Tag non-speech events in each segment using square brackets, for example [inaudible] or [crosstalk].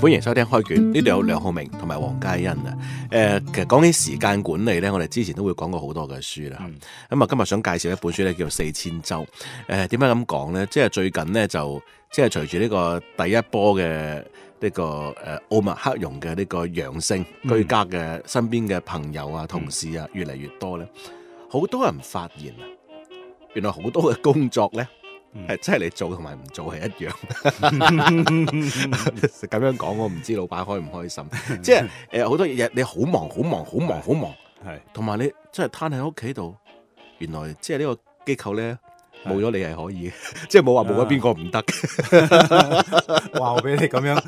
歡迎收聽開卷，呢度有梁浩明同埋黃嘉欣啊，誒、呃，其實講起時間管理呢，我哋之前都會講過好多嘅書啦。咁啊、嗯，今日想介紹一本書呢，叫《四千周》。誒、呃，點解咁講呢？即係最近呢，就即係隨住呢個第一波嘅呢、這個誒奧密克戎嘅呢個陽性，嗯、居家嘅身邊嘅朋友啊、同事啊越嚟越多呢。好、嗯、多人發現啊，原來好多嘅工作呢。係、嗯、真係你做同埋唔做係一樣，咁、嗯、 [laughs] 樣講我唔知老闆開唔開心、嗯。 [laughs] 即係誒，好多嘢你好忙，好忙，好忙，好忙，係。同埋你真係攤喺屋企度，原來即係呢個機構咧冇咗你係可以，即係冇話冇咗邊個唔得。話俾你咁樣，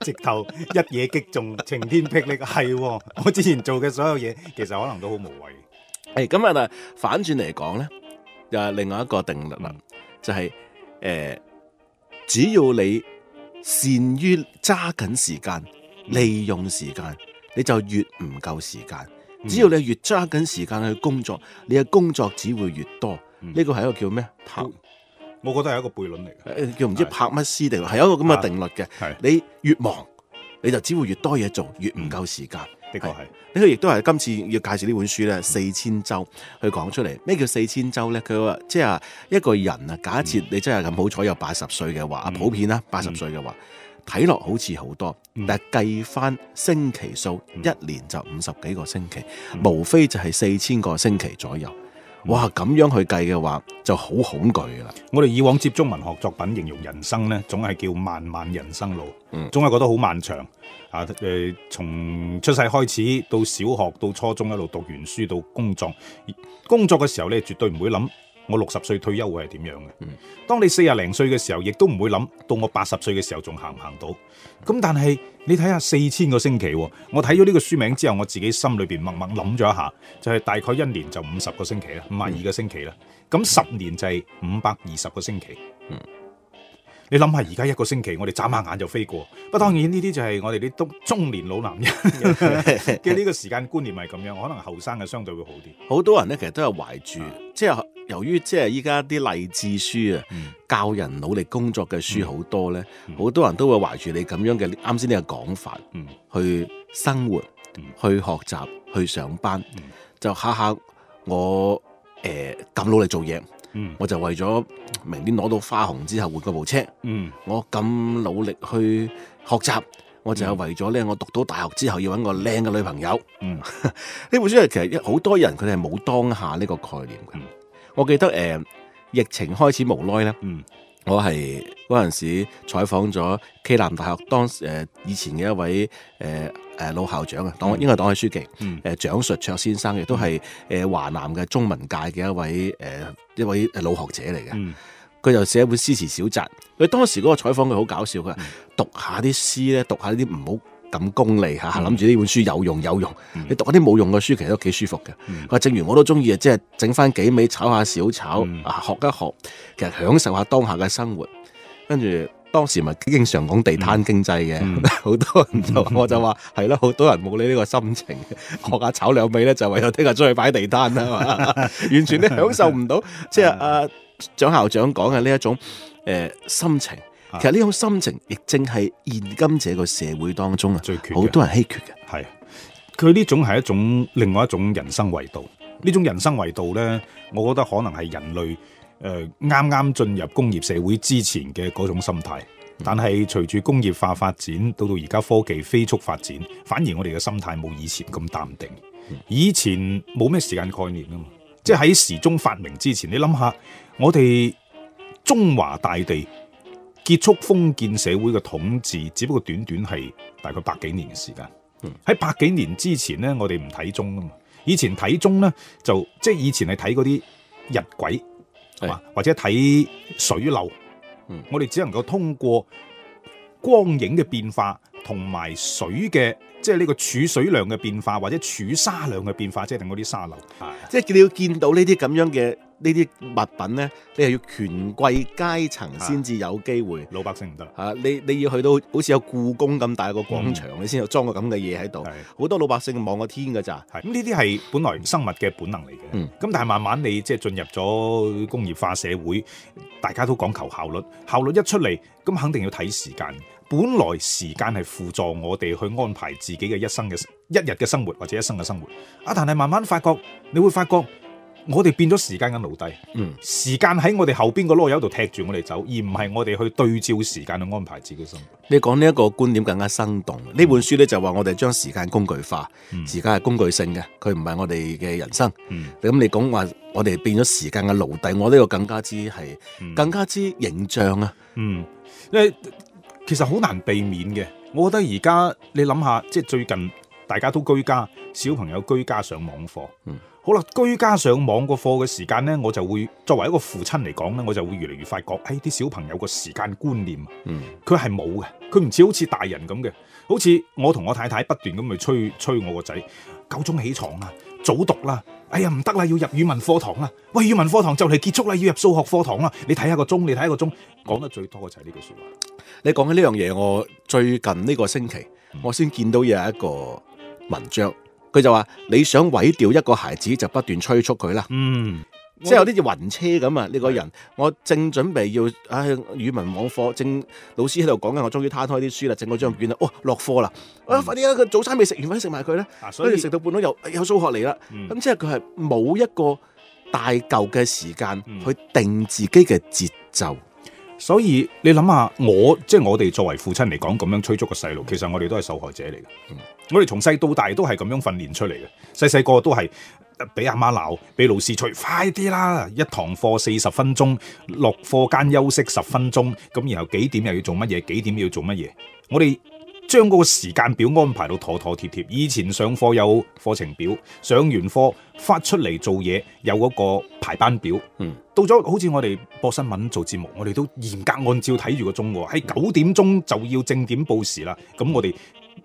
直頭一嘢擊中晴天霹靂。係我之前做嘅所有嘢，其實可能都好無謂、嗯。誒、嗯，今日反轉嚟講咧，又係另外一個定律啦、嗯。就係、是、誒、呃，只要你善於揸緊時間，嗯、利用時間，你就越唔夠時間。只要你越揸緊時間去工作，你嘅工作只會越多。呢個係一個叫咩？拍……，我覺得係一個悖論嚟嘅，叫唔知拍乜斯定律，係是一個咁嘅定律嘅。是你越忙，你就只會越多嘢做，越唔夠時間。嗯嗯的確係，佢亦都係今次要介紹呢本書咧，嗯、四千周去講出嚟。咩叫四千周咧？佢話即係一個人啊，假設你真係咁好彩有八十歲嘅話，嗯、普遍啦，八十歲嘅話，睇落，嗯、好似好多，嗯、但係計翻星期數，一年就五十幾個星期，無非就係四千個星期左右。哇，咁樣去計嘅話就好恐懼㗎喇！我哋以往接觸文學作品形容人生呢，總係叫漫漫人生路，嗯、總係覺得好漫長。啊，誒、呃，從出世開始到小學到初中一路讀完書到工作，工作嘅時候你，絕對唔會諗。我六十歲退休會係點樣嘅？當你四廿零歲嘅時候，亦都唔會諗到我八十歲嘅時候仲行唔行到？咁但係你睇下四千個星期，我睇咗呢個書名之後，我自己心裏邊默默諗咗一下，就係大概一年就五十個星期啦，五廿二個星期啦。咁十年就係五百二十個星期。你諗下而家一個星期，我哋眨下眼就飛過。不，當然呢啲就係我哋啲中中年老男人嘅呢個時間觀念係咁樣，可能後生嘅相對會好啲。好多人呢，其實都係懷住即係。由於即係依家啲勵志書啊，教人努力工作嘅書好多，呢好多人都會懷住你咁樣嘅啱先呢個講法去生活、去學習、去上班，就下下我誒咁努力做嘢，我就為咗明年攞到花紅之後換部車。我咁努力去學習，我就係為咗呢。我讀到大學之後要搵個靚嘅女朋友。呢本書係其實好多人佢哋係冇當下呢個概念嘅。我記得誒、呃、疫情開始無耐咧，嗯、我係嗰陣時採訪咗暨南大學當誒、呃、以前嘅一位誒誒、呃、老校長啊，黨應該係黨委書記，誒、嗯呃、蔣述卓先生，亦都係誒、呃、華南嘅中文界嘅一位誒、呃、一位老學者嚟嘅。佢、嗯、就寫一本詩詞小集，佢當時嗰個採訪佢好搞笑，佢、嗯、讀下啲詩咧，讀下啲唔好。咁功利嚇，諗住呢本書有用有用，嗯、你讀啲冇用嘅書其實都幾舒服嘅。話、嗯、正如我都中意啊，即、就、係、是、整翻幾味炒下小炒啊，嗯、學一學，其實享受下當下嘅生活。跟住當時咪經常講地攤經濟嘅，好、嗯、多人就我就話係咯，好多人冇你呢個心情，學下炒兩味咧就為咗聽日出去擺地攤啊嘛， [laughs] 完全都享受唔到，即係阿蔣校長講嘅呢一種誒、呃、心情。其實呢種心情，亦正係現今這個社會當中啊，最缺，好多人稀缺嘅。係，佢呢種係一種另外一種人生維度。呢種人生維度呢，我覺得可能係人類誒啱啱進入工業社會之前嘅嗰種心態。但係隨住工業化發展，到到而家科技飛速發展，反而我哋嘅心態冇以前咁淡定。以前冇咩時間概念㗎嘛，即係喺時鐘發明之前，你諗下，我哋中華大地。結束封建社會嘅統治，只不過短短係大概百幾年嘅時間。喺、嗯、百幾年之前咧，我哋唔睇鐘啊嘛。以前睇鐘咧，就即係以前係睇嗰啲日晷，係嘛、或者睇水流。嗯、我哋只能夠通過光影嘅變化。同埋水嘅，即係呢個儲水量嘅變化，或者儲沙量嘅變化，即係定嗰啲沙漏。即係你要見到呢啲咁樣嘅呢啲物品咧，你係要權貴階層先至有機會。老百姓唔得啊！你你要去到好似有故宮咁大個廣場，嗯、你先有裝個咁嘅嘢喺度。好多老百姓望個天噶咋。係咁呢啲係本來生物嘅本能嚟嘅。嗯。咁但係慢慢你即係進入咗工業化社會，大家都講求效率，效率一出嚟，咁肯定要睇時間。本來時間係輔助我哋去安排自己嘅一生嘅一日嘅生活，或者一生嘅生活，啊！但係慢慢發覺，你會發覺我哋變咗時間嘅奴隸。嗯，時間喺我哋後邊個囉柚度踢住我哋走，而唔係我哋去對照時間去安排自己嘅生活。你講呢一個觀點更加生動。呢、嗯、本書呢，就話我哋將時間工具化，嗯、時間係工具性嘅，佢唔係我哋嘅人生。咁、嗯嗯、你講話我哋變咗時間嘅奴隸，我呢個更加之係更加之形象啊！嗯，因為、嗯。其實好難避免嘅，我覺得而家你諗下，即係最近大家都居家，小朋友居家上網課，嗯，好啦，居家上網個課嘅時間呢，我就會作為一個父親嚟講呢，我就會越嚟越發覺，誒、哎，啲小朋友個時間觀念，嗯，佢係冇嘅，佢唔似好似大人咁嘅，好似我同我太太不斷咁去催催我個仔，九鐘起床啦，早讀啦，哎呀唔得啦，要入語文課堂啦，喂，語文課堂就嚟結束啦，要入數學課堂啦，你睇下個鐘，你睇下個，個鐘，講得最多嘅就係呢句說話。你講起呢樣嘢，我最近呢個星期、嗯、我先見到有一個文章，佢就話你想毀掉一個孩子，就不斷催促佢啦。嗯，即係有啲似暈車咁啊！呢、這個人，嗯、我正準備要，唉、哎，語文網課正老師喺度講緊，我終於攤開啲書啦，整嗰張卷啦，哦，落課啦，嗯、啊，快啲啊，個早餐未食完，快啲食埋佢啦。所以食到半路又有數學嚟啦，咁、嗯、即係佢係冇一個大嚿嘅時間去定自己嘅節奏。所以你諗下，我即係我哋作為父親嚟講，咁樣催促個細路，其實我哋都係受害者嚟嘅。嗯、我哋從細到大都係咁樣訓練出嚟嘅，細細個都係俾阿媽鬧，俾老師催，快啲啦！一堂課四十分鐘，落課間休息十分鐘，咁然後幾點又要做乜嘢？幾點要做乜嘢？我哋。將嗰個時間表安排到妥妥貼貼。以前上課有課程表，上完課發出嚟做嘢有嗰個排班表。嗯，到咗好似我哋播新聞做節目，我哋都嚴格按照睇住個鐘喎。喺九點鐘就要正點報時啦。咁我哋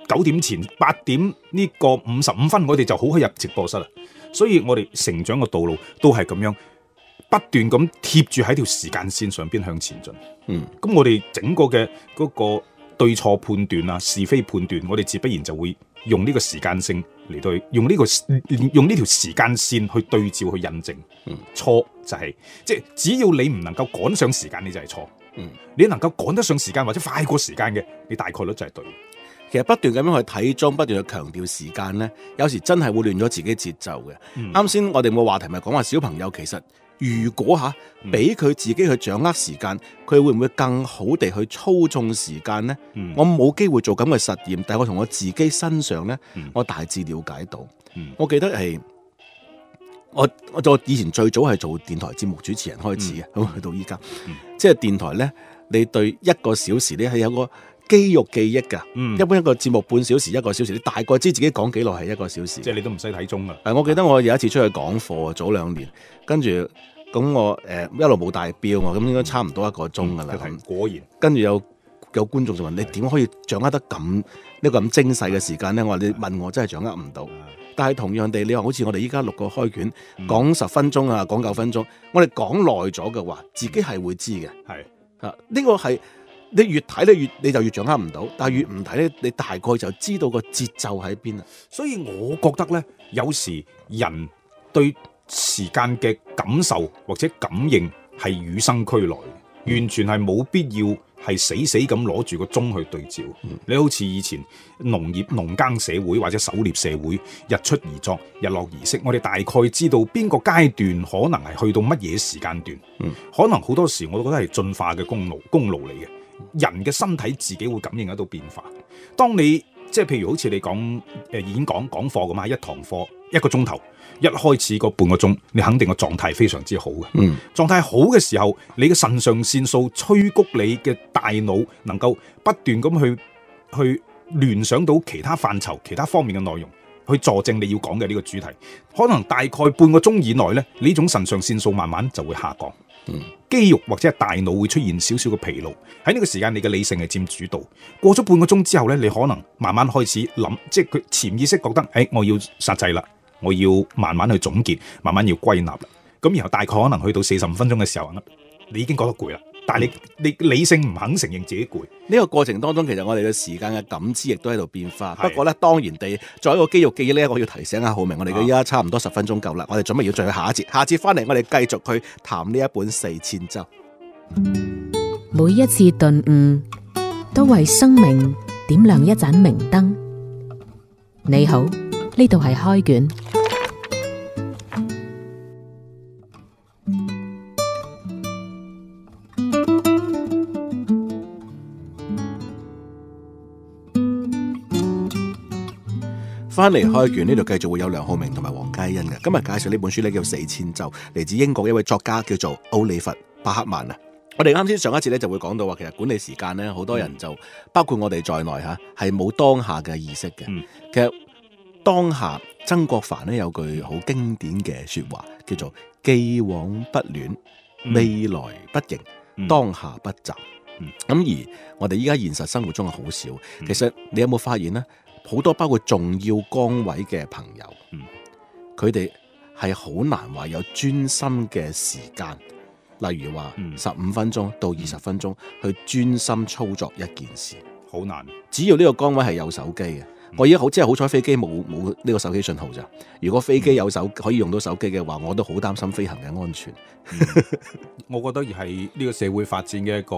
九點前八點呢個五十五分，我哋就好可以入直播室啦。所以我哋成長嘅道路都係咁樣，不斷咁貼住喺條時間線上邊向前進。嗯，咁我哋整個嘅嗰個。對錯判斷啊，是非判斷，我哋自不然就會用呢個時間性嚟對，用呢個用呢條時間線去對照去印證。嗯、錯就係，即只要你唔能夠趕上時間，你就係錯。嗯、你能夠趕得上時間或者快過時間嘅，你大概率就係對。其實不斷咁樣去睇鐘，不斷去強調時間呢，有時真係會亂咗自己節奏嘅。啱先、嗯、我哋個話題咪講話小朋友其實。如果吓俾佢自己去掌握時間，佢，嗯、會唔會更好地去操縱時間呢？嗯、我冇機會做咁嘅實驗，但係我從我自己身上呢，嗯、我大致了解到。嗯、我記得係我我以前最早係做電台節目主持人開始嘅，咁去，嗯、到依家，嗯、即係電台呢，你對一個小時，你係有個。肌肉記憶㗎，嗯、一般一個節目半小時一個小時，你大概知自己講幾耐係一個小時。即係你都唔使睇鐘㗎。我記得我有一次出去講課，早兩年，跟住咁我誒、呃、一路冇帶表啊，咁、嗯、應該差唔多一個鐘㗎啦。果然。跟住有有觀眾就問：是你點可以掌握得咁呢、呢個咁精細嘅時間呢？」我話你問我真係掌握唔到。但係同樣地，你話好似我哋依家錄個開卷講十分鐘啊，講九分鐘，我哋講耐咗嘅話，自己係會知嘅。係啊，呢、呢個係。呢個你越睇咧，你越你就越掌握唔到。但係越唔睇咧，你大概就知道個節奏喺邊啦。所以我覺得咧，有時人對時間嘅感受或者感應係與生俱來嘅，完全係冇必要係死死咁攞住個鐘去對照。嗯，你好似以前農業農耕社會或者狩獵社會，日出而作，日落而息。我哋大概知道邊個階段可能係去到乜嘢時間段。嗯，可能好多時我都覺得係進化嘅功勞功勞嚟嘅。人嘅身體自己會感應得到變化。當你即係譬如好似你講誒演、呃、講講課咁啊，一堂課一個鐘頭，一開始個半個鐘，你肯定個狀態非常之好嘅。嗯，狀態好嘅時候，你嘅腎上腺素催谷你嘅大腦，能夠不斷咁去去聯想到其他範疇、其他方面嘅內容，去助證你要講嘅呢個主題。可能大概半個鐘以內咧，呢種腎上腺素慢慢就會下降。肌肉或者係大腦會出現少少嘅疲勞，喺呢個時間你嘅理性係佔主導。過咗半個鐘之後咧，你可能慢慢開始諗，即係佢潛意識覺得，誒、哎，我要殺制啦，我要慢慢去總結，慢慢要歸納啦。咁然後大概可能去到四十五分鐘嘅時候，你已經覺得攰啦。但係你你理性唔肯承認自己攰，呢個過程當中，其實我哋嘅時間嘅感知亦都喺度變化。的不過咧，當然地，作為一個肌肉記憶咧，我要提醒阿浩明，我哋嘅依家差唔多十分鐘夠啦。我哋準備要再去下一節，下次翻嚟我哋繼續去談呢一本四千週。每一次頓悟都為生命點亮一盞明燈。你好，呢度係開卷。翻嚟，嗯、開完呢度，繼續會有梁浩明同埋黃佳欣嘅。今日介紹呢本書呢，叫《四千周》，嚟自英國一位作家叫做奧利弗·巴克曼啊。我哋啱先上一次呢，就會講到話，其實管理時間呢，好多人就包括我哋在內吓，係冇當下嘅意識嘅。其實當下曾國藩呢，有句好經典嘅說話，叫做「既往不戀，未來不迎，當下不雜」。咁而我哋依家現實生活中好少。其實你有冇發現呢？好多包括重要崗位嘅朋友，佢哋係好難話有專心嘅時間，例如話十五分鐘到二十分鐘去專心操作一件事，好難，只要呢個崗位係有手機嘅。我而家好，即係好彩，飛機冇冇呢個手機信號咋。如果飛機有手可以用到手機嘅話，我都好擔心飛行嘅安全。 [laughs] [laughs] 我覺得而係呢個社會發展嘅一個，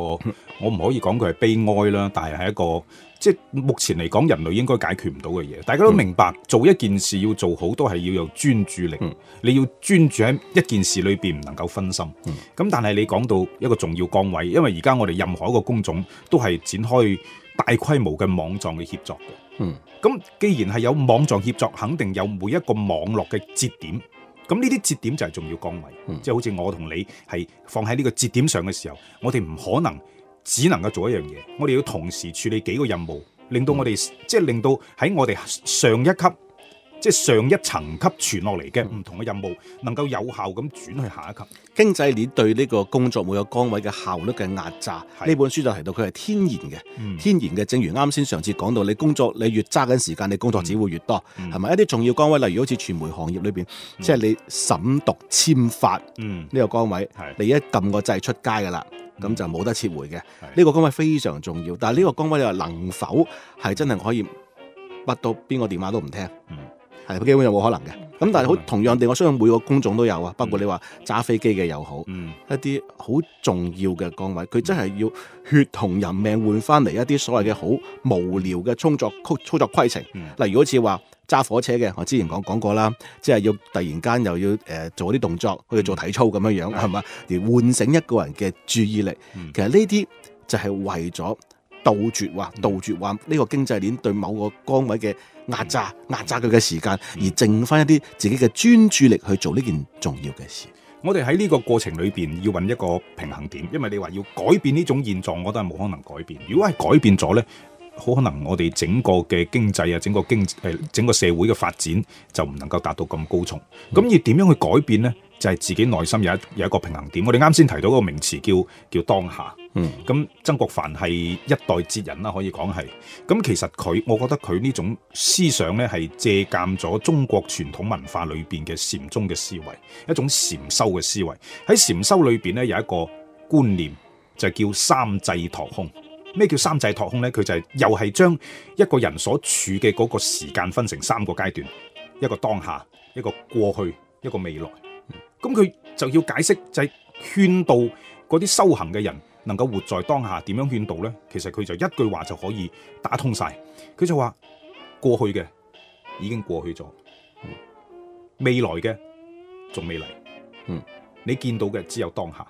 我唔可以講佢係悲哀啦，但係係一個即係目前嚟講，人類應該解決唔到嘅嘢。大家都明白，嗯、做一件事要做好，都係要有專注力。嗯、你要專注喺一件事裏邊，唔能夠分心。咁、嗯、但係你講到一個重要崗位，因為而家我哋任何一個工種都係展開。大規模嘅網狀嘅協作嘅，嗯，咁既然係有網狀協作，肯定有每一個網絡嘅節點，咁呢啲節點就係重要崗位，即係、嗯、好似我同你係放喺呢個節點上嘅時候，我哋唔可能只能夠做一樣嘢，我哋要同時處理幾個任務，令到我哋、嗯、即係令到喺我哋上一級。即係上一層級傳落嚟嘅唔同嘅任務，能夠有效咁轉去下一級。經濟鏈對呢個工作每個崗位嘅效率嘅壓榨，呢本書就提到佢係天然嘅，天然嘅。正如啱先上次講到，你工作你越揸緊時間，你工作只會越多，係咪？一啲重要崗位，例如好似傳媒行業裏邊，即係你審讀簽發呢個崗位，你一撳個掣出街㗎啦，咁就冇得撤回嘅。呢個崗位非常重要，但係呢個崗位你話能否係真係可以乜到邊個電話都唔聽？係基本有冇可能嘅？咁但係好同樣地，我相信每個工種都有啊。包括你話揸飛機嘅又好，嗯、一啲好重要嘅崗位，佢、嗯、真係要血同人命換翻嚟一啲所謂嘅好無聊嘅操作規操作規程。嗯、例如好似話揸火車嘅，我之前講講過啦，即係要突然間又要誒做啲動作，去做體操咁樣樣，係嘛？嗯、而喚醒一個人嘅注意力，其實呢啲就係為咗杜絕話，嗯、杜絕話呢個經濟鏈對某個崗位嘅。壓榨壓榨佢嘅時間，嗯、而剩翻一啲自己嘅專注力去做呢件重要嘅事。我哋喺呢個過程裏邊要揾一個平衡點，因為你話要改變呢種現狀，我都係冇可能改變。如果係改變咗呢？好可能我哋整個嘅經濟啊，整個經誒整個社會嘅發展就唔能夠達到咁高重。咁要點樣去改變呢？就係、是、自己內心有一有一個平衡點。我哋啱先提到個名詞叫叫當下。嗯，咁曾國藩係一代哲人啦，可以講係。咁其實佢，我覺得佢呢種思想呢，係借鑒咗中國傳統文化裏邊嘅禪宗嘅思維，一種禪修嘅思維。喺禪修裏邊呢，有一個觀念就叫三際托空。咩叫三際托空呢？佢就係又係將一個人所處嘅嗰個時間分成三個階段：一個當下，一個過去，一個未來。咁、嗯、佢就要解釋，就係勸導嗰啲修行嘅人能夠活在當下。點樣勸導呢？其實佢就一句話就可以打通晒。佢就話：過去嘅已經過去咗，未來嘅仲未嚟。嗯，你見到嘅只有當下。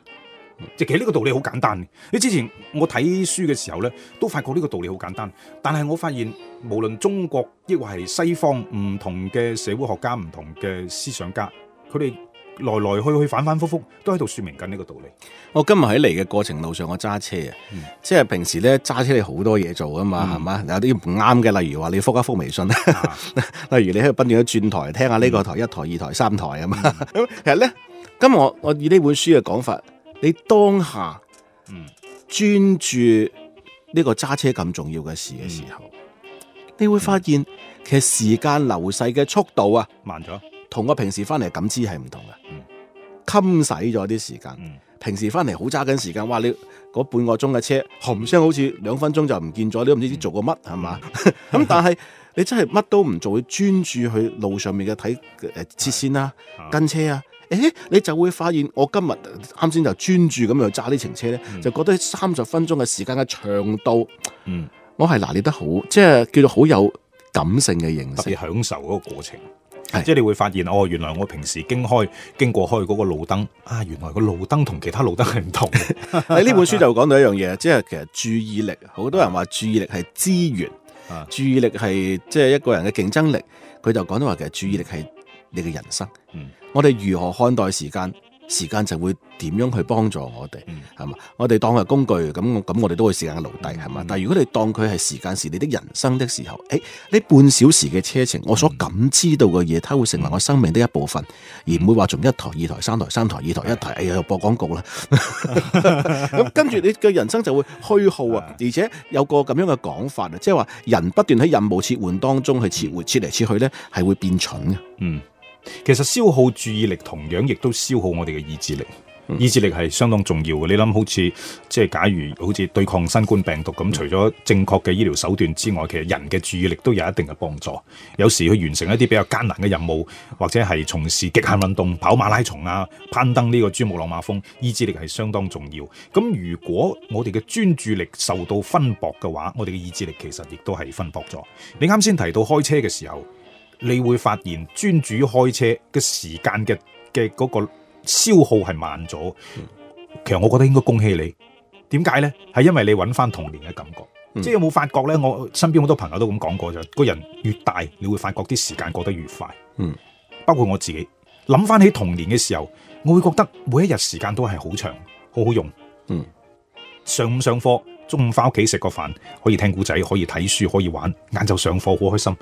其實呢個道理好簡單。你之前我睇書嘅時候咧，都發覺呢個道理好簡單。但係我發現，無論中國亦或係西方，唔同嘅社會學家、唔同嘅思想家，佢哋來來去去、反反复复，都喺度說明緊呢個道理。我、哦、今日喺嚟嘅過程路上，我揸車啊，嗯、即係平時咧揸車你好多嘢做噶嘛，係嘛、嗯、有啲唔啱嘅，例如話你覆一覆微信，嗯、 [laughs] 例如你喺度不斷咁轉台聽下呢個台、一台、嗯、二台、三台啊嘛、嗯。其實咧，今日我我以呢本書嘅講法。你當下專注呢個揸車咁重要嘅事嘅時候，嗯、你會發現其實時間流逝嘅速度啊慢咗了，同我平時翻嚟，感知係唔同嘅，襟使咗啲時間。嗯、平時翻嚟好揸緊時間，哇！你嗰半個鐘嘅車，冚聲好似兩分鐘就唔見咗，你都唔知做過乜係嘛？咁但係你真係乜都唔做，去專注去路上面嘅睇誒，切線啦、啊，跟車啊。誒、欸，你就會發現我今日啱先就專注咁樣揸呢程車咧，嗯、就覺得三十分鐘嘅時間嘅長度，嗯，我係拿捏得好，即、就、係、是、叫做好有感性嘅形式，特別享受嗰個過程，是即係你會發現哦，原來我平時經開經過開嗰個路燈啊，原來個路燈同其他路燈係唔同。喺呢 [laughs] 本書就講到一樣嘢，即、就、係、是、其實注意力，好多人話注意力係資源，啊，注意力係即係一個人嘅競爭力。佢就講到話，其實注意力係你嘅人生，嗯。我哋如何看待時間？時間就會點樣去幫助我哋係嘛？我哋當佢係工具，咁咁我哋都會時間嘅奴隸係嘛？嗯、但係如果你當佢係時間時，你的人生的時候，誒、欸，呢半小時嘅車程，我所感知到嘅嘢，它會成為我生命的一部分，而唔會話從一台、二台、三台、三台、二台、一台，哎、欸、呀、呃，播廣告啦。咁 [laughs] 跟住你嘅人生就會虛耗啊！而且有個咁樣嘅講法啊，即係話人不斷喺任務切換當中去切換，切嚟切，切去呢係會變蠢嘅。嗯。其實消耗注意力同樣亦都消耗我哋嘅意志力，嗯、意志力係相當重要嘅。你諗好似，即係假如好似對抗新冠病毒咁，除咗正確嘅醫療手段之外，其實人嘅注意力都有一定嘅幫助。有時去完成一啲比較艱難嘅任務，或者係從事極限運動，跑馬拉松啊，攀登呢個珠穆朗瑪峰，意志力係相當重要。咁如果我哋嘅專注力受到分薄嘅話，我哋嘅意志力其實亦都係分薄咗。你啱先提到開車嘅時候。你會發現專注開車嘅時間嘅嘅嗰個消耗係慢咗，嗯、其實我覺得應該恭喜你。點解呢？係因為你揾翻童年嘅感覺，嗯、即係有冇發覺呢？我身邊好多朋友都咁講過就，個人越大，你會發覺啲時間過得越快。嗯，包括我自己諗翻起童年嘅時候，我會覺得每一日時間都係好長，好好用。嗯，上午上課，中午翻屋企食個飯，可以聽故仔，可以睇書，可以玩，晏晝上課好開心。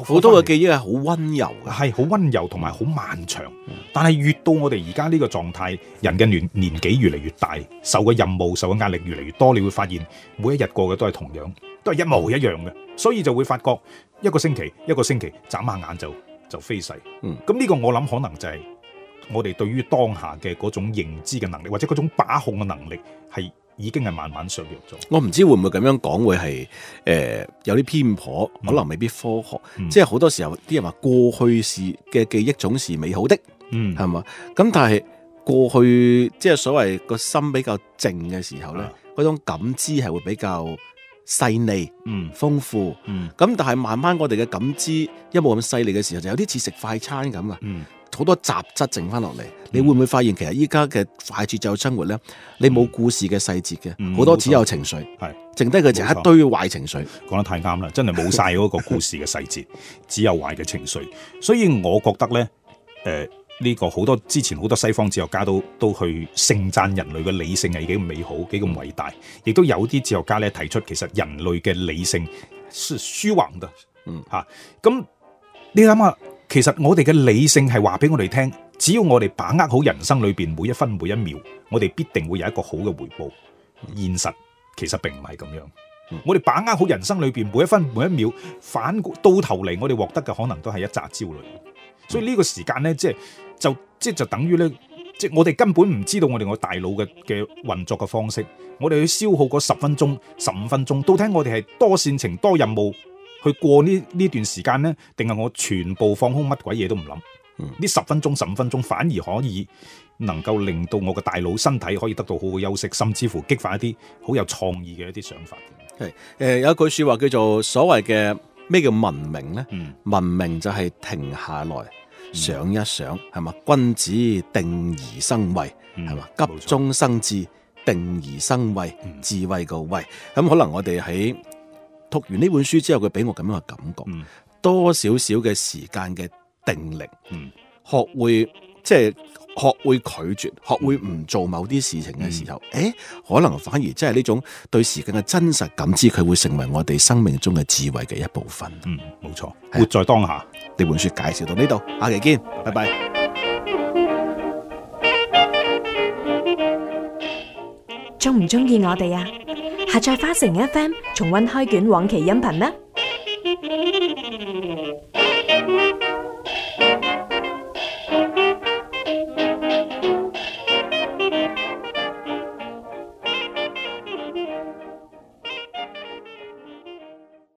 好多嘅記憶係好溫柔，係好溫柔同埋好漫長。嗯、但係越到我哋而家呢個狀態，人嘅年年紀越嚟越大，受嘅任務、受嘅壓力越嚟越多，你會發現每一日過嘅都係同樣，都係一模一樣嘅。所以就會發覺一個星期、一個星期眨下眼就就飛逝。嗯、咁呢個我諗可能就係我哋對於當下嘅嗰種認知嘅能力，或者嗰種把控嘅能力係。已經係慢慢上落咗。我唔知會唔會咁樣講，會係誒有啲偏頗，可能未必科學。嗯、即係好多時候，啲人話過去時嘅記憶總是美好的，嗯，係嘛？咁但係過去即係所謂個心比較靜嘅時候咧，嗰、嗯、種感知係會比較細膩、嗯，嗯豐富，嗯。咁、嗯、但係慢慢我哋嘅感知一冇咁細膩嘅時候，就有啲似食快餐咁啊。嗯好多雜質剩翻落嚟，你會唔會發現其實依家嘅快節奏生活咧，你冇故事嘅細節嘅，好、嗯、多只有情緒，錯剩低嘅就一堆壞情緒。講得太啱啦，真係冇晒嗰個故事嘅細節， [laughs] 只有壞嘅情緒。所以我覺得咧，誒、呃、呢、呢個好多之前好多西方哲學家都都去盛讚人類嘅理性係幾美好幾咁偉大，亦都有啲哲學家咧提出其實人類嘅理性是虛妄的。嗯嚇，咁、啊、你諗下。其實我哋嘅理性係話俾我哋聽，只要我哋把握好人生裏邊每一分每一秒，我哋必定會有一個好嘅回報。現實其實並唔係咁樣，嗯、我哋把握好人生裏邊每一分每一秒，反到頭嚟，我哋獲得嘅可能都係一紮焦慮。嗯、所以呢個時間呢，即係就即係就，就，就等於呢，即係我哋根本唔知道我哋個大腦嘅嘅運作嘅方式，我哋去消耗嗰十分鐘、十五分鐘，到聽我哋係多線程、多任務。去過呢呢段時間呢定係我全部放空，乜鬼嘢都唔諗。呢十分鐘、十五分鐘反而可以能夠令到我嘅大腦、身體可以得到好好休息，甚至乎激發一啲好有創意嘅一啲想法。係誒，有一句説話叫做所謂嘅咩叫文明呢？嗯、文明就係停下來、嗯、想一想，係嘛？君子定而生慧，係嘛、嗯？急中生智，沒錯、定而生慧，嗯、智慧個慧。咁可能我哋喺讀完呢本書之後，佢俾我咁樣嘅感覺，多少少嘅時間嘅定力，嗯，學會即係學會拒絕，學會唔做某啲事情嘅時候，誒，可能反而即係呢種對時間嘅真實感知，佢會成為我哋生命中嘅智慧嘅一部分。嗯，冇錯，活在當下。呢本書介紹到呢度，下期見，拜拜。鍾唔鍾意我哋啊？下載花城 FM，重溫開卷往期音頻啦！